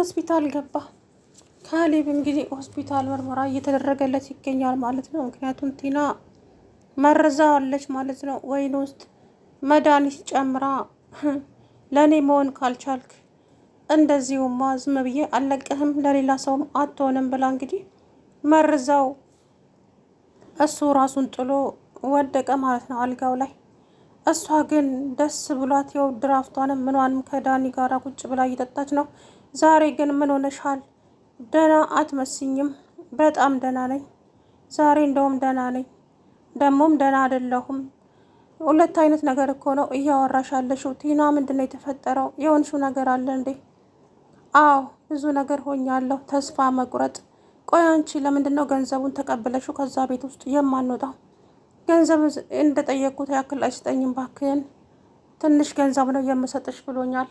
ሆስፒታል ገባ። ካሌብ እንግዲህ ሆስፒታል ምርመራ እየተደረገለት ይገኛል ማለት ነው። ምክንያቱም ቲና አለች ማለት ነው። ወይን ውስጥ መድኃኒት ጨምራ ለእኔ መሆን ካልቻልክ እንደዚሁማ ዝም ብዬ አለቀህም ለሌላ ሰውም አትሆንም ብላ እንግዲህ መርዛው እሱ ራሱን ጥሎ ወደቀ ማለት ነው አልጋው ላይ። እሷ ግን ደስ ብሏት የው ድራፍቷንም ምኗንም ከዳኒ ጋር ቁጭ ብላ እየጠጣች ነው። ዛሬ ግን ምን ሆነሻል? ደህና አትመስኝም። በጣም ደህና ነኝ። ዛሬ እንደውም ደህና ነኝ። ደግሞም ደህና አይደለሁም። ሁለት አይነት ነገር እኮ ነው እያወራሽ ያለሽው። ቲና፣ ምንድን ነው የተፈጠረው? የሆንሽው ነገር አለ እንዴ? አዎ፣ ብዙ ነገር ሆኛለሁ። ተስፋ መቁረጥ። ቆይ አንቺ ለምንድን ነው ገንዘቡን ተቀብለሽው ከዛ ቤት ውስጥ የማንወጣው? ገንዘብ እንደጠየቅኩት ያክል አይስጠኝም፣ ባክህን። ትንሽ ገንዘብ ነው የምሰጥሽ ብሎኛል።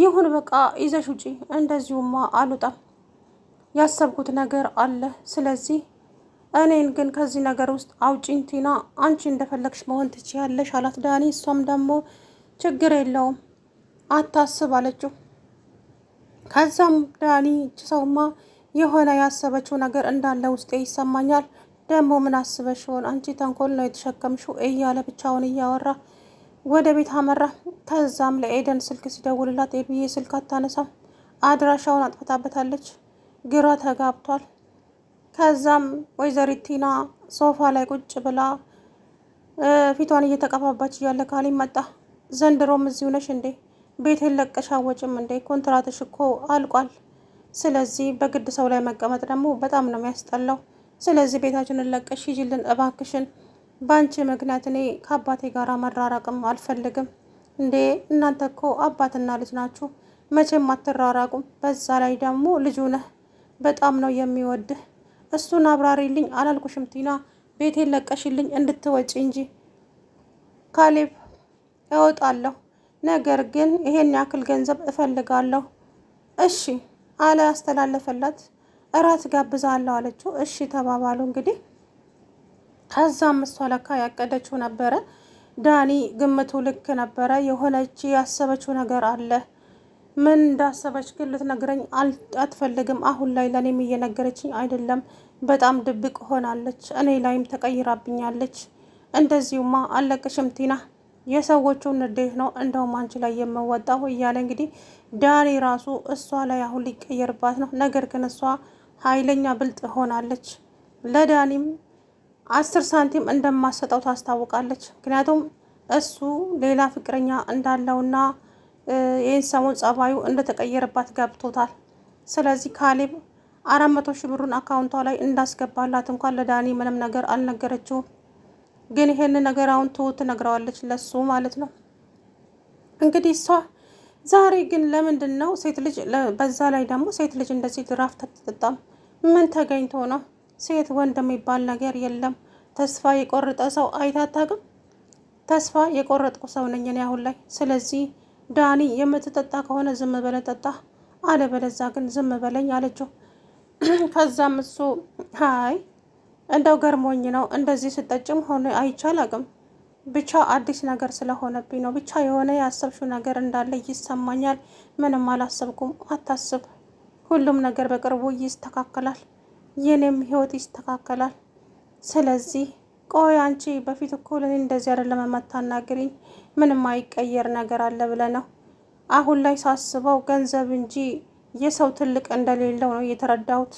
ይሁን በቃ ይዘሽ ውጪ። እንደዚሁማ አልወጣም፣ ያሰብኩት ነገር አለ። ስለዚህ እኔን ግን ከዚህ ነገር ውስጥ አውጪኝ ቲና፣ አንቺ እንደፈለግሽ መሆን ትችያለሽ አላት ዳኒ። እሷም ደግሞ ችግር የለውም አታስብ አለችው። ከዛም ዳኒ እች ሰውማ የሆነ ያሰበችው ነገር እንዳለ ውስጤ ይሰማኛል። ደግሞ ምን አስበሽ ይሆን አንቺ? ተንኮል ነው የተሸከምሽው እያለ ብቻውን እያወራ ወደ ቤት አመራ። ከዛም ለኤደን ስልክ ሲደውልላት ኤዱዬ ስልክ አታነሳም፣ አድራሻውን አጥፍታበታለች። ግራ ተጋብቷል። ከዛም ወይዘሪት ቲና ሶፋ ላይ ቁጭ ብላ ፊቷን እየተቀፋባች እያለ ካሌብ መጣ። ዘንድሮም እዚሁ ነሽ እንዴ? ቤት ለቀሽ አትወጭም እንዴ? ኮንትራትሽ እኮ አልቋል። ስለዚህ በግድ ሰው ላይ መቀመጥ ደግሞ በጣም ነው የሚያስጠላው። ስለዚህ ቤታችንን ለቀሽ ሂጂልን እባክሽን በአንቺ ምክንያት እኔ ከአባቴ ጋር መራራቅም አልፈልግም። እንዴ እናንተ እኮ አባትና ልጅ ናችሁ፣ መቼም አትራራቁም። በዛ ላይ ደግሞ ልጁ ነህ፣ በጣም ነው የሚወድህ። እሱን አብራሪልኝ አላልኩሽም ቲና? ቤቴን ለቀሽልኝ እንድትወጪ እንጂ። ካሌብ እወጣለሁ፣ ነገር ግን ይሄን ያክል ገንዘብ እፈልጋለሁ። እሺ አለ ያስተላለፈላት። እራት ጋብዛለሁ አለችው። እሺ ተባባሉ እንግዲህ ከዛም እሷ ለካ ያቀደችው ነበረ። ዳኒ ግምቱ ልክ ነበረ። የሆነች ያሰበችው ነገር አለ። ምን እንዳሰበች ግን ልትነግረኝ አትፈልግም። አሁን ላይ ለእኔም እየነገረችኝ አይደለም። በጣም ድብቅ ሆናለች። እኔ ላይም ተቀይራብኛለች። እንደዚሁማ አለቅሽም ቲና፣ የሰዎቹን ንዴት ነው እንደውም አንቺ ላይ የምወጣው እያለ እንግዲህ ዳኒ ራሱ እሷ ላይ አሁን ሊቀየርባት ነው። ነገር ግን እሷ ኃይለኛ ብልጥ ሆናለች። ለዳኒም አስር ሳንቲም እንደማሰጠው ታስታውቃለች። ምክንያቱም እሱ ሌላ ፍቅረኛ እንዳለውና ይህን ሰሞን ጸባዩ እንደተቀየረባት ገብቶታል። ስለዚህ ካሌብ አራት መቶ ሺህ ብሩን አካውንቷ ላይ እንዳስገባላት እንኳን ለዳኒ ምንም ነገር አልነገረችውም። ግን ይሄን ነገር አሁን ትሁት ትነግረዋለች፣ ለሱ ማለት ነው። እንግዲህ እሷ ዛሬ ግን ለምንድን ነው ሴት ልጅ፣ በዛ ላይ ደግሞ ሴት ልጅ እንደዚህ ድራፍት አትጠጣም? ምን ተገኝቶ ነው? ሴት ወንድ የሚባል ነገር የለም። ተስፋ የቆረጠ ሰው አይታታቅም። ተስፋ የቆረጥኩ ሰው ነኝ እኔ አሁን ላይ። ስለዚህ ዳኒ የምትጠጣ ከሆነ ዝም በለ ጠጣ፣ አለበለዛ ግን ዝም በለኝ አለችው። ከዛም እሱ ሀይ እንደው ገርሞኝ ነው እንደዚህ ስጠጭም ሆነ አይቻላቅም ብቻ አዲስ ነገር ስለሆነብኝ ነው። ብቻ የሆነ ያሰብሽው ነገር እንዳለ ይሰማኛል። ምንም አላሰብኩም። አታስብ፣ ሁሉም ነገር በቅርቡ ይስተካከላል። የኔም ህይወት ይስተካከላል። ስለዚህ ቆይ አንቺ በፊት እኮ ለኔ እንደዚህ አይደለም የማታናግሪኝ፣ ምንም አይቀየር ነገር አለ ብለ ነው። አሁን ላይ ሳስበው ገንዘብ እንጂ የሰው ትልቅ እንደሌለው ነው እየተረዳሁት።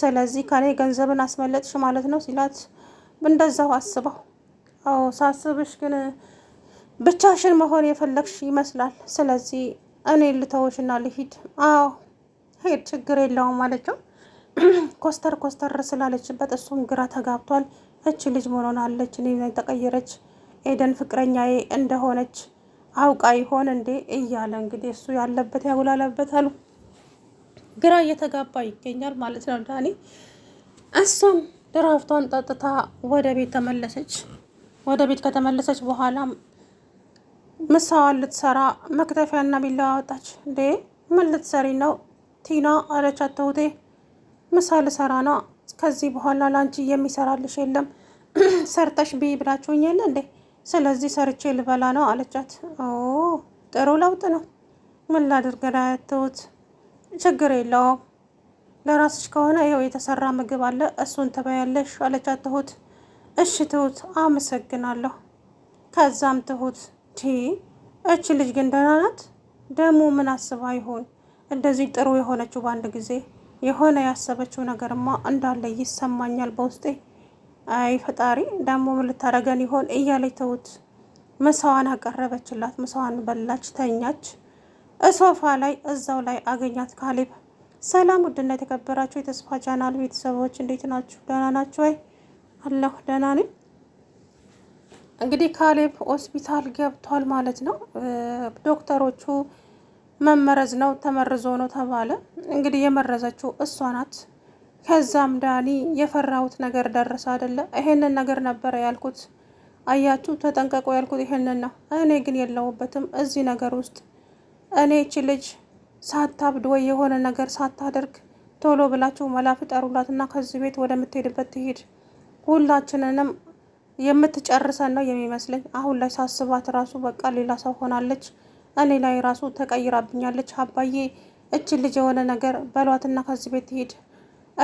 ስለዚህ ከኔ ገንዘብን አስመለጥሽ ማለት ነው ሲላት እንደዛው አስበው። አዎ ሳስብሽ ግን ብቻሽን መሆን የፈለግሽ ይመስላል። ስለዚህ እኔ ልተውሽና ልሂድ። አዎ ሄድ፣ ችግር የለውም አለችው። ኮስተር ኮስተር ስላለችበት እሱም ግራ ተጋብቷል። እች ልጅ መሆኗን አለች እኔ ተቀየረች ኤደን ፍቅረኛዬ እንደሆነች አውቃ ይሆን እንዴ እያለ እንግዲህ እሱ ያለበት አሉ ግራ እየተጋባ ይገኛል ማለት ነው ዳኒ። እሷም ድራፍቷን ጠጥታ ወደ ቤት ተመለሰች። ወደ ቤት ከተመለሰች በኋላ ምሳዋን ልትሰራ መክተፊያና ቢላዋ አወጣች። እንዴ ምን ልትሰሪ ነው ቲና አለቻት። ተውቴ ምሳ ልሰራ ነው። ከዚህ በኋላ ላንቺ የሚሰራልሽ የለም ሰርተሽ ብይ ብላችሁኝ የለ እንዴ? ስለዚህ ሰርቼ ልበላ ነው አለቻት። ኦ ጥሩ ለውጥ ነው። ምን ላድርግ ላያተውት ችግር የለውም። ለራስሽ ከሆነ ይኸው የተሰራ ምግብ አለ እሱን ትበያለሽ አለቻት ትሁት። እሺ ትሁት አመሰግናለሁ። ከዛም ትሁት ቲ እች ልጅ ግን ደህና ናት። ደግሞ ምን አስባ ይሆን እንደዚህ ጥሩ የሆነችው በአንድ ጊዜ የሆነ ያሰበችው ነገርማ እንዳለ ይሰማኛል በውስጤ። አይ ፈጣሪ ደግሞ ምን ልታረገን ይሆን እያለች ተውት። ምሳዋን አቀረበችላት። ምሳዋን በላች፣ ተኛች። እሶፋ ላይ እዛው ላይ አገኛት ካሌብ። ሰላም ውድና የተከበራችሁ የተስፋ ቻናል ቤተሰቦች እንዴት ናችሁ? ደህና ናችሁ ወይ? አለሁ ደህና ነኝ። እንግዲህ ካሌብ ሆስፒታል ገብቷል ማለት ነው ዶክተሮቹ መመረዝ ነው ተመርዞ ነው ተባለ። እንግዲህ የመረዘችው እሷ ናት። ከዛም ዳኒ የፈራሁት ነገር ደረሰ አይደለ? ይሄንን ነገር ነበረ ያልኩት። አያችሁ ተጠንቀቁ ያልኩት ይሄንን ነው። እኔ ግን የለውበትም እዚህ ነገር ውስጥ እኔ እቺ ልጅ ሳታብድ ወይ የሆነ ነገር ሳታደርግ ቶሎ ብላችሁ መላፍ ጠሩላት እና ከዚህ ቤት ወደምትሄድበት ትሄድ። ሁላችንንም የምትጨርሰን ነው የሚመስለኝ። አሁን ላይ ሳስባት ራሱ በቃ ሌላ ሰው ሆናለች። እኔ ላይ ራሱ ተቀይራብኛለች። አባዬ እች ልጅ የሆነ ነገር በሏትና ከዚህ ቤት ትሄድ።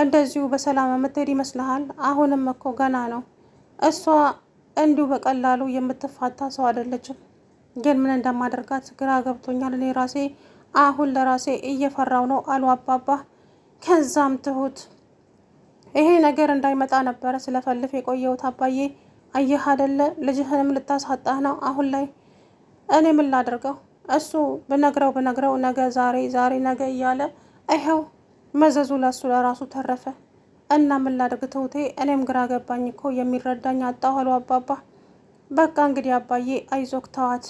እንደዚሁ በሰላም የምትሄድ ይመስልሃል? አሁንም እኮ ገና ነው። እሷ እንዲሁ በቀላሉ የምትፋታ ሰው አይደለችም። ግን ምን እንደማደርጋት ግራ ገብቶኛል። እኔ ራሴ አሁን ለራሴ እየፈራው ነው አሉ አባባ። ከዛም ትሁት ይሄ ነገር እንዳይመጣ ነበረ ስለፈልፍ የቆየሁት አባዬ። አየህ አይደለ ልጅህንም ልታሳጣህ ነው አሁን ላይ እኔ ምን ላደርገው እሱ ብነግረው ብነግረው ነገ ዛሬ ዛሬ ነገ እያለ ይኸው መዘዙ ለሱ ለራሱ ተረፈ። እና ምን ላድርግ እኔም ግራ ገባኝ እኮ የሚረዳኝ አጣሁ አሉ አባባ። በቃ እንግዲህ አባዬ አይዞክ ተዋት።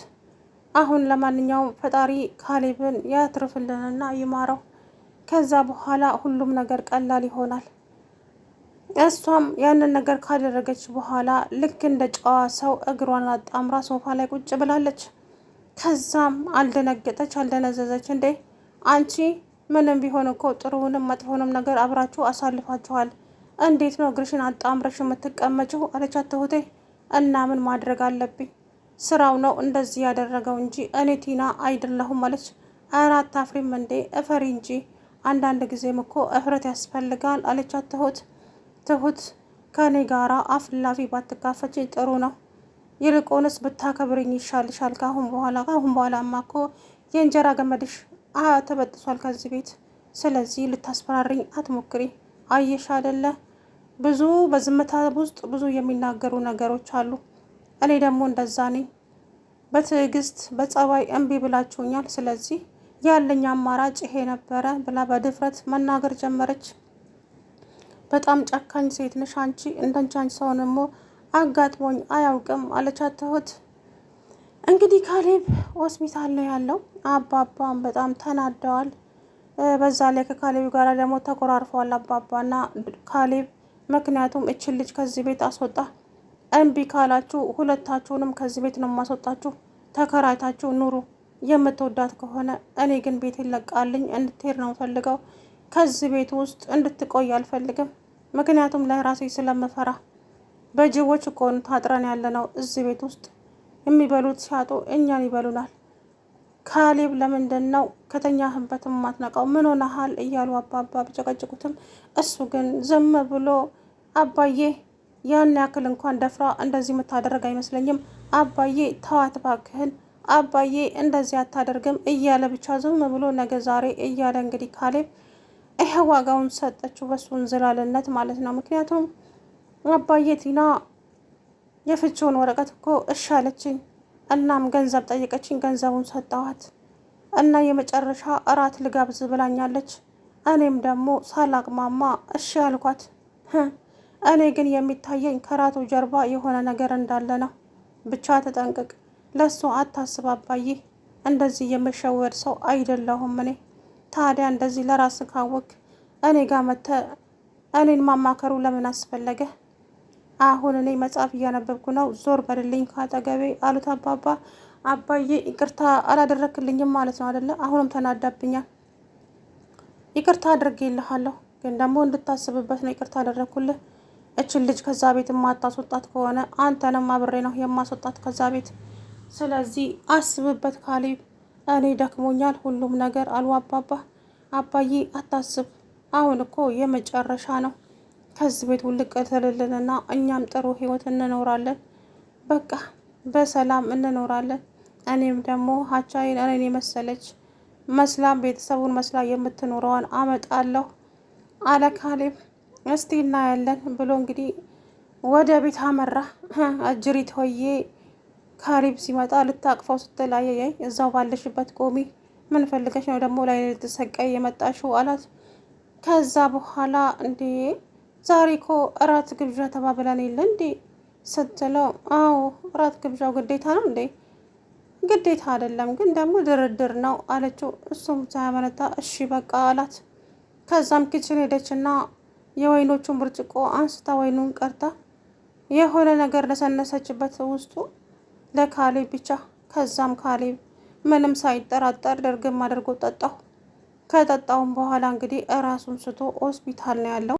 አሁን ለማንኛውም ፈጣሪ ካሌብን ያትርፍልንና ይማረው። ከዛ በኋላ ሁሉም ነገር ቀላል ይሆናል። እሷም ያንን ነገር ካደረገች በኋላ ልክ እንደ ጨዋ ሰው እግሯን አጣምራ ሶፋ ላይ ቁጭ ብላለች። ከዛም አልደነገጠች፣ አልደነዘዘች። እንዴ አንቺ ምንም ቢሆን እኮ ጥሩውንም መጥፎንም ነገር አብራችሁ አሳልፋችኋል። እንዴት ነው እግርሽን አጣምረሽ የምትቀመጭው? አለቻት ትሁቴ። እና ምን ማድረግ አለብኝ? ስራው ነው እንደዚህ ያደረገው እንጂ እኔ ቲና አይደለሁም አለች። ኧረ አታፍሪም እንዴ? እፈሪ እንጂ አንዳንድ ጊዜም እኮ እፍረት ያስፈልጋል አለቻት ትሁት። ትሁት ከኔ ጋራ አፍላፊ ባትካፈች ጥሩ ነው ይልቁንስ ብታከብርኝ ይሻልሻል። ካሁን በኋላ ካሁን በኋላ ማኮ የእንጀራ ገመድሽ ተበጥሷል ከዚህ ቤት። ስለዚህ ልታስፈራሪኝ አትሞክሪ። አየሽ አይደለ ብዙ በዝምታ ውስጥ ብዙ የሚናገሩ ነገሮች አሉ። እኔ ደግሞ እንደዛ ነኝ። በትዕግስት በጸባይ እምቢ ብላችሁኛል። ስለዚህ ያለኝ አማራጭ ይሄ ነበረ ብላ በድፍረት መናገር ጀመረች። በጣም ጨካኝ ሴት ነሽ አንቺ። እንደንቻንች ሰው አጋጥሞኝ አያውቅም አለቻት ትሁት። እንግዲህ ካሌብ ሆስፒታል ነው ያለው። አባባም በጣም ተናደዋል። በዛ ላይ ከካሌብ ጋር ደግሞ ተኮራርፈዋል አባባና ካሌብ። ምክንያቱም እችን ልጅ ከዚህ ቤት አስወጣ፣ እምቢ ካላችሁ ሁለታችሁንም ከዚህ ቤት ነው የማስወጣችሁ፣ ተከራይታችሁ ኑሩ የምትወዳት ከሆነ እኔ ግን ቤት ይለቃልኝ እንድትሄድ ነው ፈልገው። ከዚህ ቤት ውስጥ እንድትቆይ አልፈልግም፣ ምክንያቱም ለራሴ ስለምፈራ በጅቦች እኮ ታጥረን ያለ ነው። እዚህ ቤት ውስጥ የሚበሉት ሲያጡ እኛን ይበሉናል። ካሌብ ለምንድን ነው ከተኛህበት የማትነቃው? ምን ሆነሃል? እያሉ አባባ ቢጨቀጭቁትም እሱ ግን ዝም ብሎ አባዬ ያን ያክል እንኳን ደፍራ እንደዚህ የምታደረግ አይመስለኝም። አባዬ ተዋት ባክህን፣ አባዬ እንደዚህ አታደርግም እያለ ብቻ ዝም ብሎ ነገ ዛሬ እያለ እንግዲህ ካሌብ ይህ ዋጋውን ሰጠችው በሱ እንዝላልነት ማለት ነው። ምክንያቱም አባዬ ቲና የፍቺውን ወረቀት እኮ እሺ አለችኝ። እናም ገንዘብ ጠይቀችኝ ገንዘቡን ሰጠዋት እና የመጨረሻ እራት ልጋብዝ ብላኛለች። እኔም ደግሞ ሳላቅማማ እሺ አልኳት። እኔ ግን የሚታየኝ ከራቱ ጀርባ የሆነ ነገር እንዳለ ነው። ብቻ ተጠንቅቅ፣ ለሱ አታስብ አባዬ፣ እንደዚህ የመሸወድ ሰው አይደለሁም እኔ። ታዲያ እንደዚህ ለራስ ካወቅ እኔ ጋር መተ እኔን ማማከሩ ለምን አስፈለገ? አሁን እኔ መጽሐፍ እያነበብኩ ነው። ዞር በልልኝ ካጠገቤ አሉት አባባ። አባዬ ይቅርታ አላደረክልኝም ማለት ነው አደለ? አሁንም ተናዳብኛል። ይቅርታ አድርጌልሃለሁ፣ ግን ደግሞ እንድታስብበት ነው ይቅርታ አደረግኩልህ። እችን ልጅ ከዛ ቤት የማታስወጣት ከሆነ አንተንም አብሬ ነው የማስወጣት ከዛ ቤት። ስለዚህ አስብበት ካሌብ፣ እኔ ደክሞኛል ሁሉም ነገር አሉ አባባ። አባዬ አታስብ፣ አሁን እኮ የመጨረሻ ነው ከዚህ ቤት ውልቅ እኛም ጥሩ ህይወት እንኖራለን። በቃ በሰላም እንኖራለን። እኔም ደግሞ ሀቻይን እኔን የመሰለች መስላም ቤተሰቡን መስላ የምትኖረዋን አመጣለሁ አለ ካሌብ። እስቲ እናያለን ብሎ እንግዲህ ወደ ቤት አመራ። እጅሪት ሆዬ ካሌብ ሲመጣ ልታቅፈው ስትል አየያይ እዛው ባለሽበት ቆሚ፣ ምን ፈልገሽ ነው ደግሞ ላይ ልትሰቃይ የመጣሽው አላት። ከዛ በኋላ እንዴ ዛሬ እኮ እራት ግብዣ ተባብላን የለ እንዴ ስትለው፣ አዎ እራት ግብዣው ግዴታ ነው እንዴ? ግዴታ አይደለም ግን ደግሞ ድርድር ነው አለችው። እሱም ሳያመነታ እሺ በቃ አላት። ከዛም ኪችን ሄደችና የወይኖቹን ብርጭቆ አንስታ ወይኑን ቀርታ የሆነ ነገር ነሰነሰችበት ውስጡ ለካሌብ ብቻ። ከዛም ካሌብ ምንም ሳይጠራጠር ድርግም አድርጎ ጠጣሁ። ከጠጣውም በኋላ እንግዲህ እራሱን ስቶ ሆስፒታል ነው ያለው።